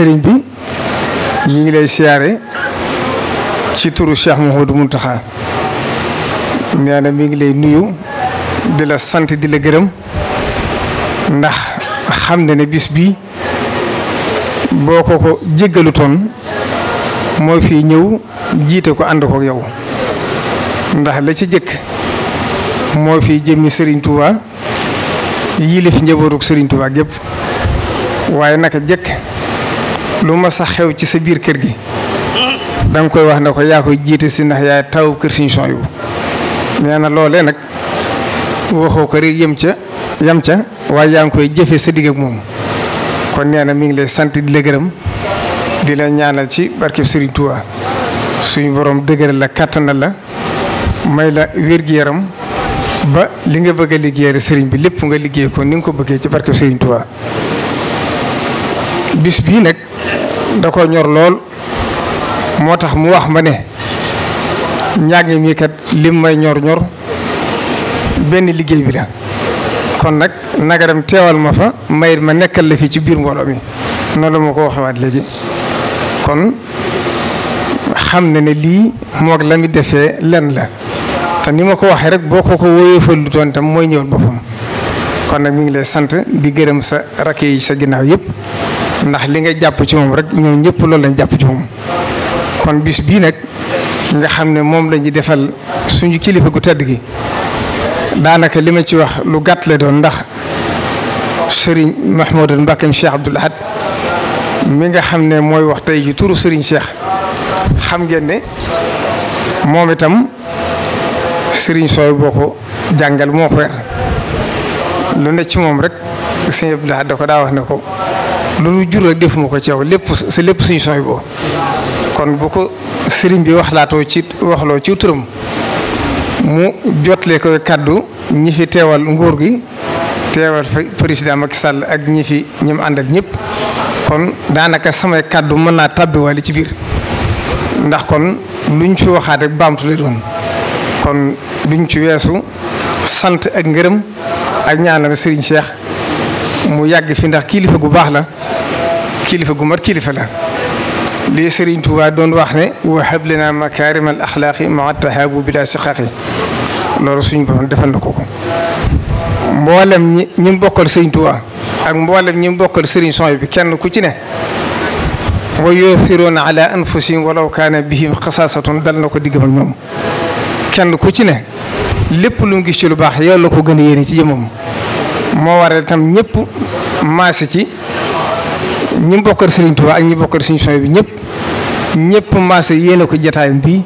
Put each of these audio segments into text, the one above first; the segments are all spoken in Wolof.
sëriñ bi ñu ngi lay siyaare ci turu Cheikh Mouhamadou Mountakha nee na mi ngi lay nuyu di la sant di la gërëm ndax xam na ne bis bi boo ko ko jéggalu toon mooy fii ñëw jiite ko ànd ko yow ndax la ci jëkk mooy fi jëmmi Serigne Touba yilif njabootu Serigne Touba gépp waaye naka jëkk lu ma sax xew ci sa biir kër gi danga koy wax ne ko yaa koy jiite si ndax yaay taw kër Sëriñ Souhaïbou nee na loolee nag waxoo ko rek yem ca yem ca waaye yaa ngi koy jëfe sa digg ak moom kon nee na mi ngi lay sant di la gërëm di la ñaanal ci barkeb Sëriñ Tuubaa suñu borom dëgëral la kàttanal la may la wér-gi-yaram ba li nga bëgg liggéey liggéeyal sëriñ bi lépp nga liggéey ko ni nga ko bëggee ci barkeb Sëriñ Tuubaa bis bii nag da ko ñor lool moo tax mu wax ma ne njàng mi kat lim may ñor-ñor benn liggéey bi la kon nag naga dem teewal ma fa may ma nekkal la fii ci biir mbooloo mi noonu la ma ko waxewaat léegi kon xam na lii moog la mi defee lenn la te ni ma ko waxee rek boo ko ko wóoyofal lu doon tam mooy ñëwal boppam kon nag mi ngi lay sant di gërëm sa rakk yi sa ginnaaw yépp ndax li nga jàpp ci moom rek ñoom ñëpp loolu lañ jàpp ci moom kon bis bii nag nga xam ne moom la ñu defal suñu kilifa gu tedd gi daanaka li ma ci wax lu gàtt la doon ndax sëriñ Mahmoud Mbakkeem Cheikh Abdoul Ahad mi nga xam ne mooy wax tey ji turu sëriñ seex xam ngeen ne moom itam sëriñ sooy boo ko jàngal moo ko lu ne ci moom rek sëriñ Abdoul da ko daa wax ne ko. loolu jur rek defuma ko ceew yow lépp sa lépp suñu sooy boo kon bu ko sëriñ bi waxlaatoo ci waxloo ci turam mu jotle ko kàddu ñi fi teewal nguur gi teewal fa président Macky sàll ak ñi fi ñi mu àndal ñëpp kon daanaka samay kàddu mën naa tàbbiwaale ci biir ndax kon luñ ci waxaat rek baamtu lay doon kon duñ ci weesu sant ak ngërëm ak ñaanal sëriñ Cheikh. mu yàgg fi ndax kilifa gu baax la kilifa gu mat kilifa la lii Serigne Touba doon wax ne wa hablana makaarimal axlaaqi maa tahaabu bila siqaaqi loolu suñu borom defal na ko ko mboolem ñi ñi bokkal Serigne Touba ak mboolem ñi bokkal Serigne Son bi kenn ku ci ne wa yu'thiruuna ala anfusihim walaw kaana bihim xasaasatun dal na ko diggam ak ñoom kenn ku ci ne lépp lu mu gis ci lu baax yow la ko gën a yéene ci jëmmam moo waral itam ñëpp maase ci ñi mu bokkal Serigne Touba ak ñi bokkal Serigne Souhaïbou bi ñëpp ñëpp maase yéene ko jataayam bi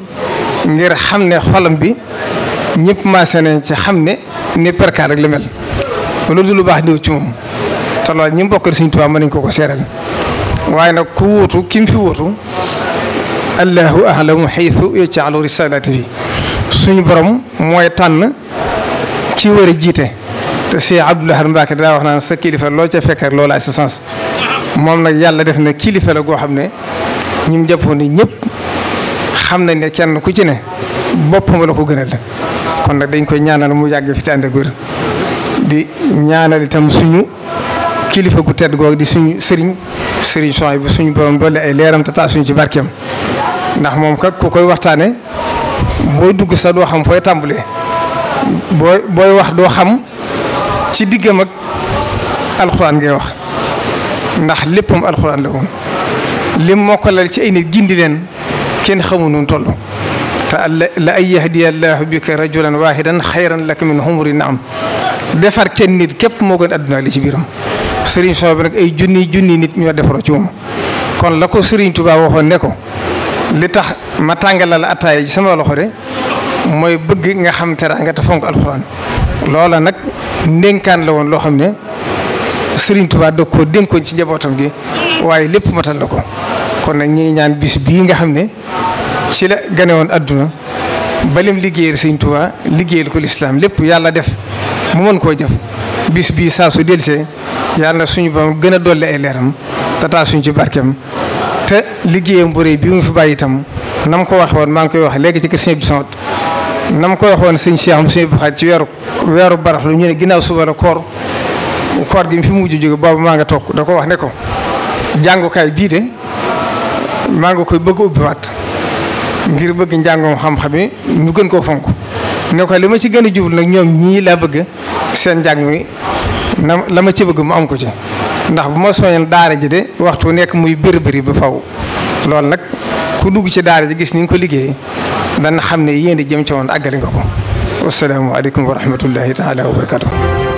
ngir xam ne xolam bi ñëpp maase nañ ci xam ne ne perkaar rek la mel loolu du lu baax ñëw ci moom te loolu ñi mu bokkal nañ ko ko waaye nag ku wóotu ki mu fi wóotu allahu ahlamu xaytu yajcalu risalaati fi suñu borom mooy tànn ki war a jiite. te Cheikh Abdoul Ahad Mbacké daa wax naan sa kilifa loo ca fekk loolu ay sa sens moom nag yàlla def na kilifa la goo xam ne ñim jàppoon ni ñëpp xam nañ ne kenn ku ci ne boppam la ko gënal kon nag dañ koy ñaanal mu yàgg fi te ànd di ñaanal itam suñu kilifa gu tedd googu di suñu sëriñ sëriñ soxna bi suñu borom doole ay leeram taa suñu ci barkeem ndax moom kat ku koy waxtaane booy dugg sax doo xam fooy tàmbalee booy booy wax doo xam. ci diggam ak alxuraan ngay wax ndax léppam alxuraan la woon lim mokkalal ci ay nit gindi leen kenn xamu nu toll te la ay yahdiya allahu bika rajulan wahidan xayran laka min humuri am defar kenn nit képp moo gën àdduna li ci biiram sëriñ soobe nag ay junni junni nit ñoo defaroo ci moom kon la ko sëriñ Tuubaa waxoon ne li tax ma tàngalal ataaya ji sama loxo de mooy bëgg nga xam teraanga te fonk alxuraan loola nag ndénkaan la woon loo xam ne Serigne Touba da koo dénkoon ci njabootam gi waaye lépp matal na ko kon nag ñi ñaan bis bii nga xam ne ci la gane woon adduna balim liggéeyal Serigne Touba liggéeyal ko lislaam lépp yàlla def mu mën koo jëf bis bii saa su delsee yàlla na suñu ba gën a dolli ay leeram tataa suñ ci barkeem te liggéeyam bu rëy bi mu fi bàyyi itam na ko waxee woon maa ngi koy wax léegi ci kër Sëñ Abdou na ma ko waxoon sëñ Cheikh mu sëñ Buxaat ci weeru weeru barax lu ñu ne ginnaaw suba la koor koor gi fi mu mujj jóge boobu maa ngi toog da ko wax ne ko jàngukaay bii de maa ngi koy bëgg a ubbiwaat ngir bëgg njàngoom xam-xam yi ñu gën koo fonk ne li ma ci gën a jublu nag ñoom ñii laa bëgg seen njàng mi na la ma ci bëgg mu am ko ci ndax bu ma soñal daara ji de waxtu nekk muy bëri bëri ba faw loolu nag ku dugg ci daara ji gis ni nga ko liggéey dana xam ne di jëm ci woon àggali nga ko. asalaamaaleykum wa rahmatullahi taala wa barakaatu.